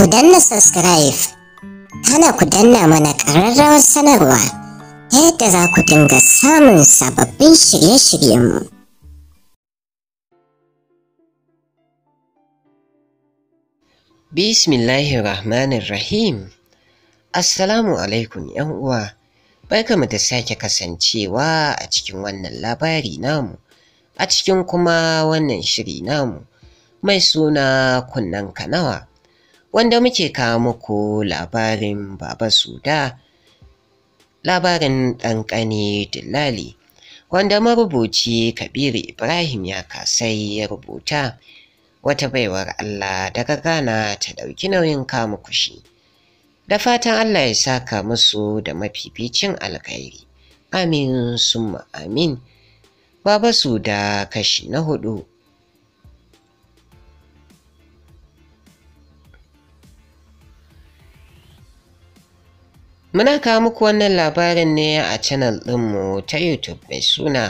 ku danna subscribe hana ku danna mana ƙararrawar sanarwa yadda za ku dinga samun sababbin shirye-shiryenmu. Bismillahirrahmanirrahim Assalamu alaikum uwa barkamu da sake kasancewa a cikin wannan labari namu a cikin kuma wannan shiri namu mai suna kunnen kanawa. wanda muke kawo muku labarin Baba Suda, labarin ɗanƙani Dillali, wanda marubuci Kabiru Ibrahim ya kasai ya rubuta wata baiwar Allah daga Ghana ta ɗauki nauyin kamu kushi. Da fatan Allah ya saka musu da mafificin alkhairi. Amin summa amin. Baba Suda kashi na hudu. Muna kawo muku wannan labarin ne a channel ɗinmu ta YouTube mai suna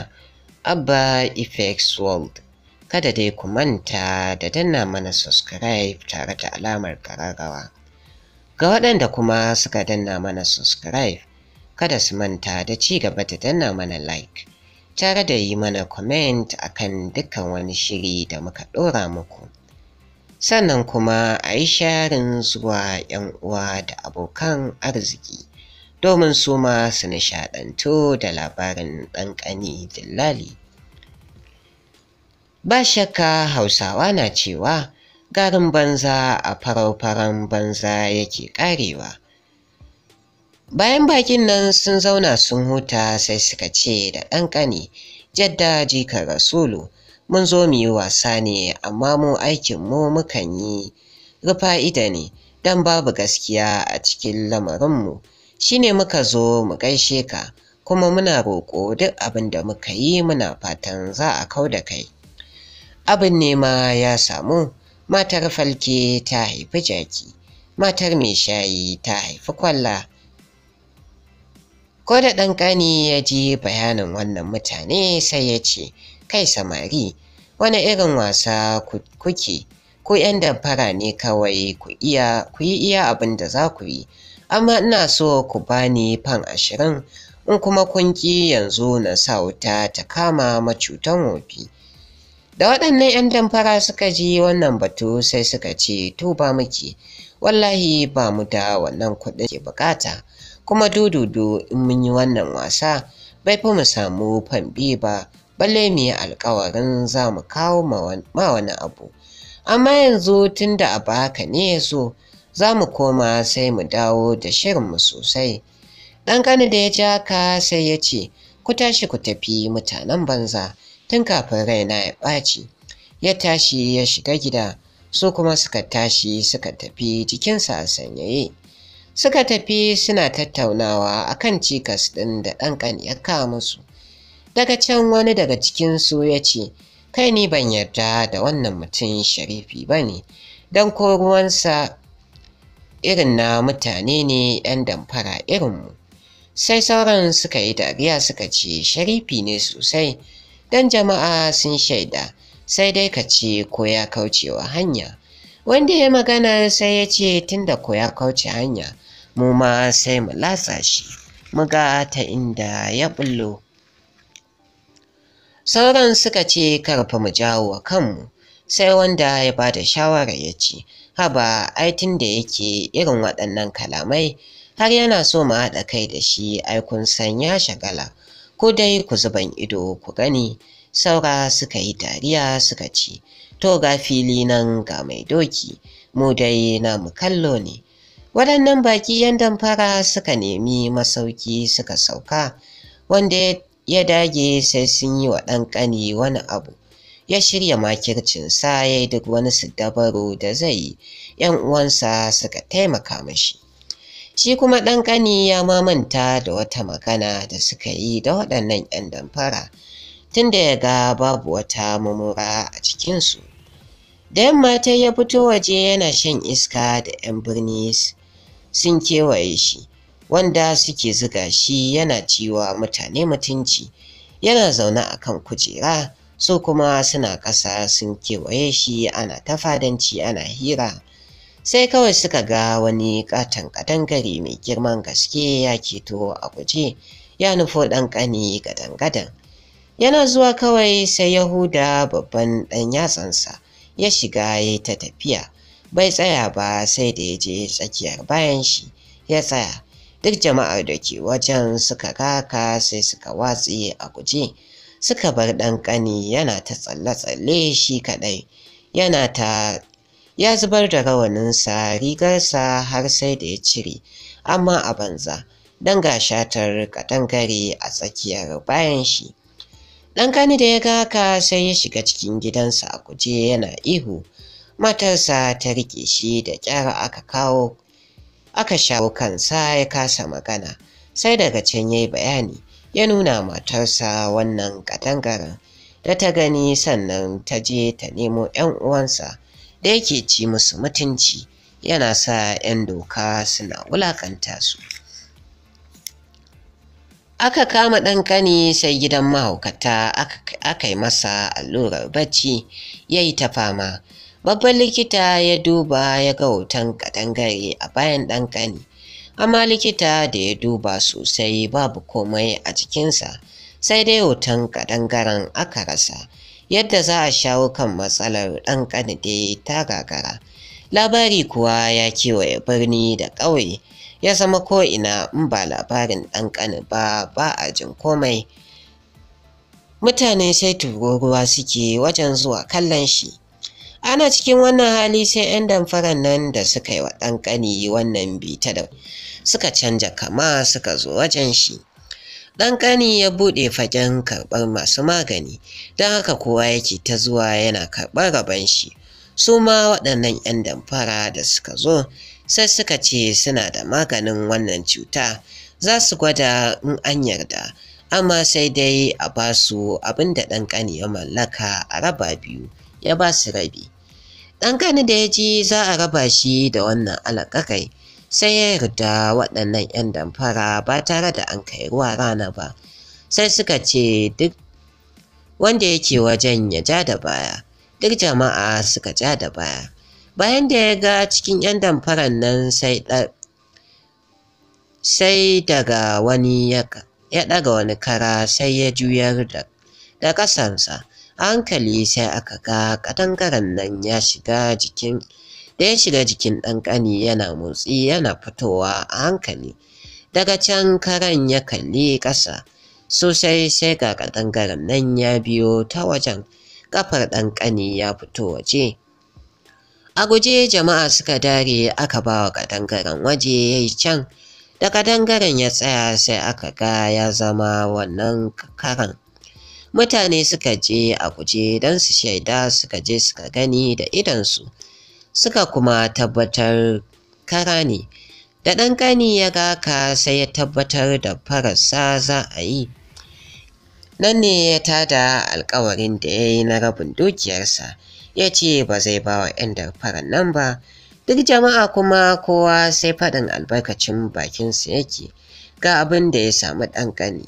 Abba Effects World. Kada dai ku manta da danna mana subscribe tare da alamar kararrawa. Ga waɗanda kuma suka danna mana subscribe, kada su manta da ci gaba da danna mana like, tare da yi mana comment akan dukkan wani shiri da muka ɗora muku. Sannan kuma a yi sharin zuwa 'yan uwa da abokan arziki. domin su ma su nishaɗantu da labarin ɗan ƙani dillali. Ba shakka Hausawa na cewa garin banza a farau-faran banza yake ƙarewa. Bayan bakin nan sun zauna sun huta sai suka ce da ɗan ƙani jadda jika rasulu mun zo mu yi wasa ne amma mu aikinmu mukan yi rufa ne don babu gaskiya a cikin lamarinmu. Shi ne muka zo mu gaishe ka kuma muna roƙo duk abin da muka yi muna fatan za a kau da kai abin nema ya samu matar falke ta haifi jaki matar mai shayi ta haifi kwalla ko da ɗan ƙani ya ji bayanin wannan mutane sai ya ce kai samari wani irin wasa kuke ku 'yan damfara ne kawai ku yi iya abin da za ku yi amma ina so ku bani fan ashirin in kuma kun ƙi yanzu na sa wuta ta kama macutan wofi. Da waɗannan 'yan damfara suka ji wannan batu sai suka ce to ba muke wallahi ba mu da wannan kuɗin ke bukata kuma dududu in mun yi wannan wasa bai fi mu samu famɓe ba balle mu yi alkawarin za mu kawo ma wani abu. Amma yanzu tun da abu haka ne ya so za mu koma sai mu dawo da shirinmu sosai ɗan kani da ya ja ka sai ya ce ku tashi ku tafi mutanen banza tun kafin raina ya ɓaci ya tashi ya shiga gida su kuma suka tashi suka tafi jikinsa a sanyaye suka tafi suna tattaunawa a kan cikas ɗin da ɗan ya kawo musu daga can wani daga cikinsu ya ce kai ni ban yarda da wannan mutum sharifi ba ne don ko ruwansa irin na mutane ne 'yan damfara irinmu sai sauran suka yi dariya suka ce sharifi ne sosai don jama'a sun shaida sai dai ka ce ko ya kaucewa hanya wanda ya magana sai ya ce tunda ko ya kauce hanya mu ma sai mu latsa shi mu ga ta inda ya bullo sauran suka ce karfa mu jawo kanmu sai wanda ya ba da shawara ya ce haba ai tun da yake irin waɗannan kalamai har yana so mu haɗa kai da shi ai kun san ya shagala ko dai ku zuban ido ku gani saura suka yi dariya suka ci to ga fili nan ga mai doki mu dai na mu kallo ne waɗannan baki yan damfara suka nemi masauki suka sauka wanda ya dage sai sun yi wa ɗan ƙani wani abu ya shirya makircinsa ya yi duk wani su dabaru da zai yi ‘yan uwansa suka taimaka mashi shi kuma ɗan ƙani ya mamanta da wata magana da suka yi da waɗannan ‘yan damfara tun da ya ga babu wata mumura a cikinsu da yamma ta ya fito waje yana shan iska da 'yan birni sun kewaye shi wanda suke ziga shi yana ciwa mutane mutunci yana zaune a kan kujera su kuma suna ƙasa sun kewaye shi ana ta fadanci ana hira sai kawai suka ga wani katon ƙadangare mai girman gaske ya keto a guje ya nufo ɗan ƙani gadan-gadan yana zuwa kawai sai yahuda babban ɗan yatsansa ya shiga ya ta tafiya bai tsaya ba sai da ya je tsakiyar bayan shi ya tsaya duk jama'ar da ke wajen suka kaka sai suka watsi a guje suka bar ɗan ƙani yana ta tsalle-tsalle shi kaɗai yana ta ya zubar da rawaninsa rigarsa har sai da ya cire amma a banza don ga shatar katangare a tsakiyar bayan shi ɗan ƙani da ya ga haka sai ya shiga cikin gidansa a kuje yana ihu matarsa ta rike shi da ƙyara aka kawo aka shawo kansa ya kasa magana sai daga can ya yi bayani ya nuna matarsa wannan ƙadangaren, da ta gani sannan ta je ta nemo 'yan uwansa da yake ci musu mutunci yana sa 'yan doka suna wulakanta su aka kama ɗan kani sai gidan mahaukata aka yi masa allurar bacci ya yi ta fama babban likita ya duba ya ga hoton katangare a bayan ɗan kani amma likita da ya duba sosai babu komai a jikinsa sai dai hoton kadangaren aka rasa yadda za a shawo kan matsalar ɗan ƙanide ta gagara labari kuwa ya kewaye birni da ƙauye ya zama ko'ina in ba labarin ɗan ƙani ba ba a jin komai mutane sai tururuwa suke wajen zuwa kallon shi ana cikin wannan hali sai 'yan damfaran nan da suka yi wa ɗan wannan bita da suka canja kama suka zo wajen shi ɗan ƙani ya buɗe fagen karɓar masu magani don haka kowa yake ta zuwa yana karɓar rabon shi su ma waɗannan 'yan damfara da suka zo sai suka ce suna da maganin wannan cuta za su gwada in an yarda amma sai dai a ba su abin da ɗan ƙani ya mallaka a raba biyu ya ba su rabi ɗanƙani da ya ji za a raba shi da wannan alaƙaƙai sai ya yarda waɗannan 'yan damfara ba tare da an kai ruwa rana ba sai suka ce duk wanda yake wajen ya ja da baya duk jama'a suka ja da baya bayan da ya ga cikin 'yan damfaran nan sai sai daga wani ya ɗaga wani kara sai ya juyar da ƙasansa hankali sai aka ga ƙadangaren nan ya shiga jikin da ya shiga jikin ɗan ƙani yana motsi yana fitowa a hankali daga can karen ya kalli ƙasa sosai sai ga ƙadangaren nan ya biyo ta wajen ƙafar ɗan ƙani ya fito waje a guje jama'a suka dare aka ba wa ƙadangaren waje ya yi can da ƙadangaren ya tsaya sai aka ga ya zama wannan karen. mutane suka je a guje don su shaida suka je suka gani da idansu suka kuma tabbatar kara ne da ɗan ƙani ya ka sai ya tabbatar da fararsa za a yi nan ne ya tada alkawarin da ya yi na rabin dukiyarsa ya ce ba zai ba wa 'yan da nan ba duk jama'a kuma kowa sai faɗin albarkacin bakinsa yake ga abin da ya samu ɗan ƙani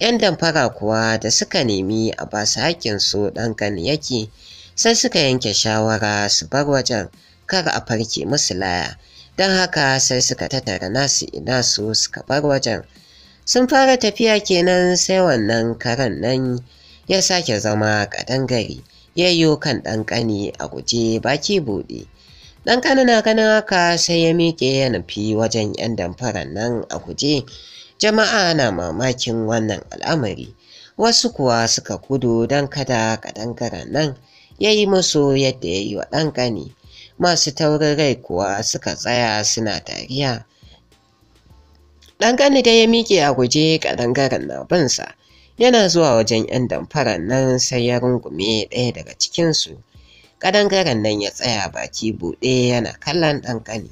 'Yan damfara kuwa da suka nemi a ba su haƙƙinsu ɗan kan yake sai suka yanke shawara su bar wajen kar a farke musu laya. Don haka sai suka tattara nasu ina su suka bar wajen. Sun fara tafiya kenan sai wannan karen nan ya sake zama ƙadangare yayyo kan ɗan ƙani a guje baki buɗe. Ɗan ƙani na ganin haka sai ya miƙe ya nufi wajen 'yan damfaran nan a guje. Jama'a na mamakin wannan al'amari, wasu kuwa suka kudu don kada ƙadangaren nan ya yi musu yadda ya yi wa ɗan ƙani. Masu taurin rai kuwa suka tsaya suna tariya. Ɗan ƙani da ya miƙe a guje ƙadangaren na binsa. Yana zuwa wajen 'yan damfaran nan sai ya rungume ɗaya daga cikinsu. Ƙadangaren nan ya tsaya baki buɗe yana kallon ɗan ƙani.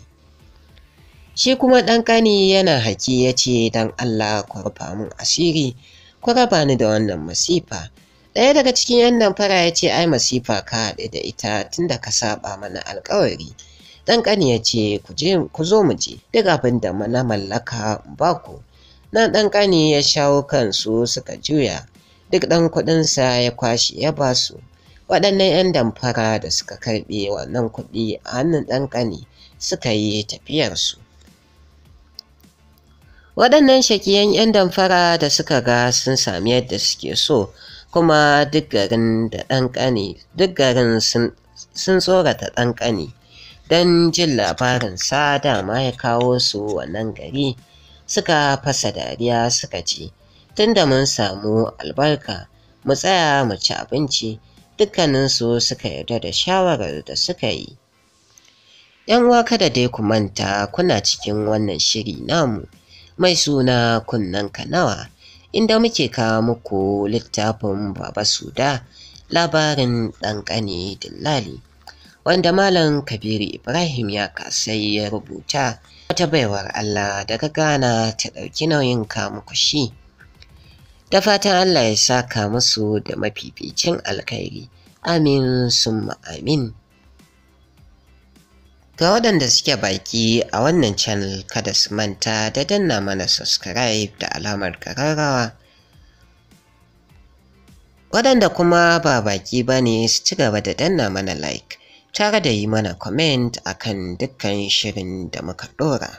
Shi kuma ɗan ƙani yana haki ya ce don Allah ku rufa min asiri, ku raba ni da wannan masifa. Ɗaya daga cikin ‘yan damfara fara ya ce ai masifa ka haɗe da ita tunda ka saɓa mana alkawari. Ɗan ƙani ya ce ku zo mu je duk abin da na mallaka ba ku. Nan ɗan ƙani ya shawo kansu suka juya duk ɗan kuɗinsa ya kwashe ya ba su. Waɗannan ‘yan damfara da suka karɓe wannan kuɗi a hannun ɗan ƙani suka yi tafiyarsu. waɗannan shakiyan 'yan damfara da suka ga sun sami yadda suke so kuma duk garin da ɗan duk garin sun tsorata ɗan don jin labarin sa dama ya kawo su wannan gari suka fasa dariya suka ce tunda mun samu albarka mu tsaya mu ci abinci dukkaninsu suka yarda da shawarar da suka yi. ‘Yan waka da dai ku manta kuna cikin wannan shiri namu mai suna kunnen kanawa inda muke kawo muku littafin Baba Suda labarin ɗanƙane dillali wanda Malam Kabiru Ibrahim ya kasai ya rubuta wata baiwar Allah daga gana ta ɗauki nauyin kamu shi. Da fatan Allah ya saka musu da mafificin alkhairi. Amin summa amin. Ga waɗanda suke baki a wannan channel kada su manta da danna mana subscribe da alamar kararrawa. Waɗanda kuma ba baki bane su ci gaba da danna mana like tare da yi mana comment akan dukkan shirin da muka ɗora.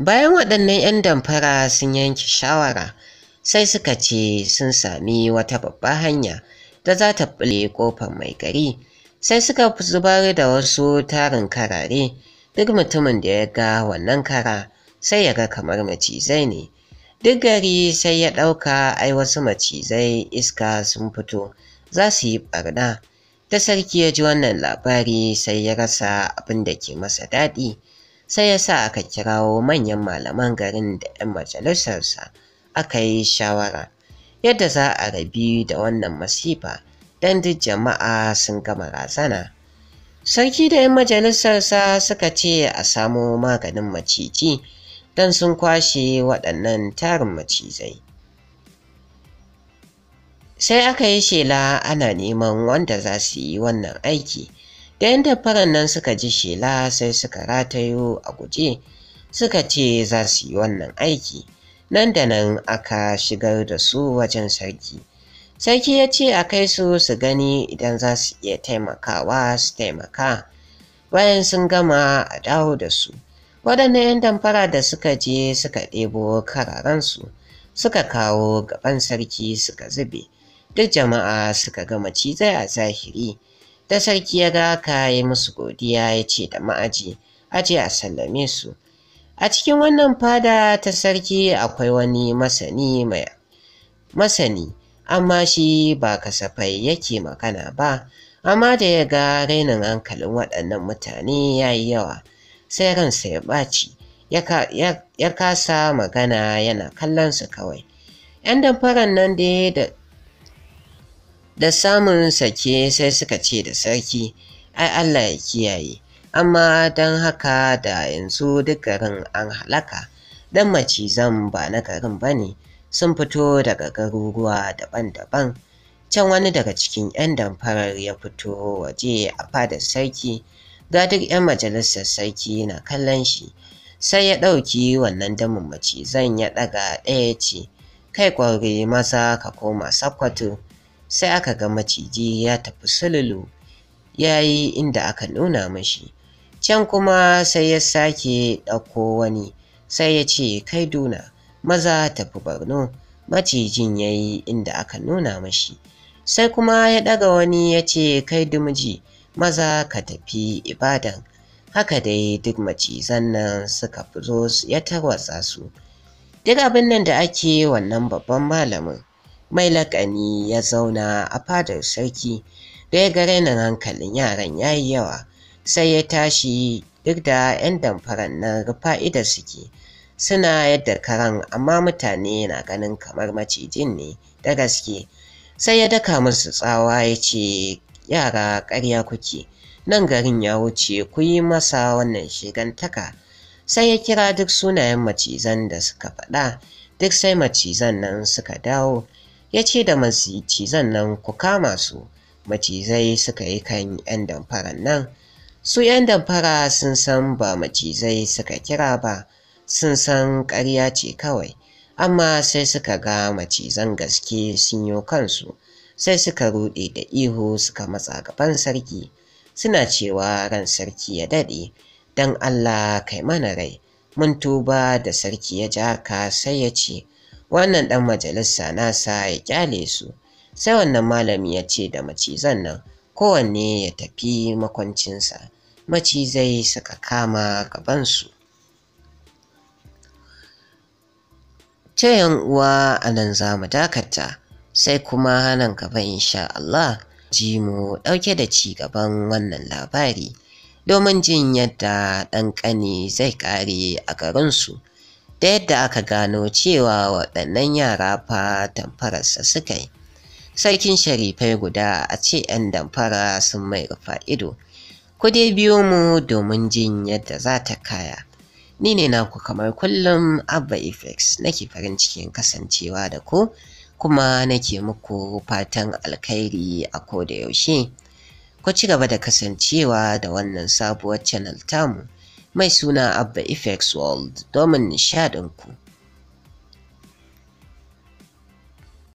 Bayan waɗannan 'yan damfara sun yanke shawara sai suka ce sun sami wata babbar hanya. da za ta bulle kofar mai gari sai suka zubar da wasu tarin karare duk mutumin da ya ga wannan kara sai ya ga kamar macizai ne duk gari sai ya ɗauka ai wasu macizai iska sun fito za su yi ɓarna Ta sarki ya ji wannan labari sai ya rasa abin da ke masa daɗi sai ya sa aka kirawo manyan malaman garin da 'yan majalisarsa aka yi shawara yadda za a rabi da wannan masifa don duk jama'a sun gama razana. Sarki da 'yan majalisarsa suka ce a samo maganin maciji don sun kwashe waɗannan tarin macizai. Sai aka yi shela ana neman wanda za su yi wannan aiki, da yan dafaran nan suka ji shela sai suka ratayo a guje suka ce za su yi wannan aiki. nan da nan aka shigar da su wajen sarki sarki ya ce a kai su su gani idan za su iya taimakawa su taimaka bayan sun gama a dawo da su waɗannan 'yan damfara da suka je suka ɗebo kararansu suka kawo gaban sarki suka zube duk jama'a suka gama cizai a zahiri da sarki ya ga aka yi musu godiya ya ce da ma'aji aje a sallame su a cikin wannan fada ta sarki akwai wani masani mai masani amma shi ba kasafai yake magana ba amma da ya ga rainin hankalin waɗannan mutane ya yi yawa sai ransa ya ɓaci ya kasa magana yana kallonsa kawai 'yan damfaran nan dai da da samun sake sai suka ce da sarki ai Allah ya kiyaye amma don haka da yanzu duk garin an halaka dan macizan ba na garin ba ne sun fito daga garuruwa daban-daban can wani daga cikin 'yan damfarar ya fito waje a fadar sarki ga duk 'yan majalisar sarki na kallon shi sai ya ɗauki wannan damin macizan ya ɗaga ɗaya ce kai ƙwarai maza ka koma sakwato sai aka ga maciji ya tafi sululu ya yi inda aka nuna mashi can kuma sai ya sake ɗauko wani sai ya ce kai duna maza tafi barno macijin ya yi inda aka nuna mashi sai kuma ya ɗaga wani ya ce kai dumji maza ka tafi ibadan haka dai duk macizan nan suka zo ya tarwatsa su duk abin nan da ake wannan babban malamin mai laƙani ya zauna a fadar sarki da ya ga hankalin yaran ya yi yawa sai ya tashi duk da 'yan damfaran nan rufa'i suke suna yadda karan amma mutane na ganin kamar macijin ne da gaske sai ya daka musu tsawa ya ce yara ƙarya kuke nan garin ya wuce ku yi masa wannan shigantaka sai ya kira duk sunayen macizan da suka faɗa duk sai macizan nan suka dawo ya ce da macizan nan ku kama su macizai suka yi kan 'yan damfaran nan su 'yan damfara sun san ba macizai suka kira ba sun san ƙarya ce kawai amma sai suka ga macizan gaske sun yi kansu sai suka ruɗe da ihu suka matsa gaban sarki suna cewa ran sarki ya daɗe don allah kai mana rai mun tuba da sarki ya ja ka sai ya ce wannan ɗan majalisa nasa ya ƙyale su sai wannan malami ya ce da macizan nan kowanne ya tafi makwancinsa macizai suka kama gabansu cayan uwa a nan za mu dakata sai kuma hanan gaba insha Allah ji mu ɗauke da ci gaban wannan labari domin jin yadda ɗan ƙani zai ƙare a garinsu da yadda aka gano cewa waɗannan yara fa tamfararsa suka yi. sarkin sharifai guda a ce 'yan damfara sun mai rufa ido. Ku dai biyo mu domin jin yadda za ta kaya. Ni ne naku kamar kullum Abba Effects nake farin cikin kasancewa da ku kuma nake muku fatan alkhairi a ko da yaushe. Ku ci gaba da kasancewa da wannan sabuwar channel tamu mai suna Abba Effects World domin ku.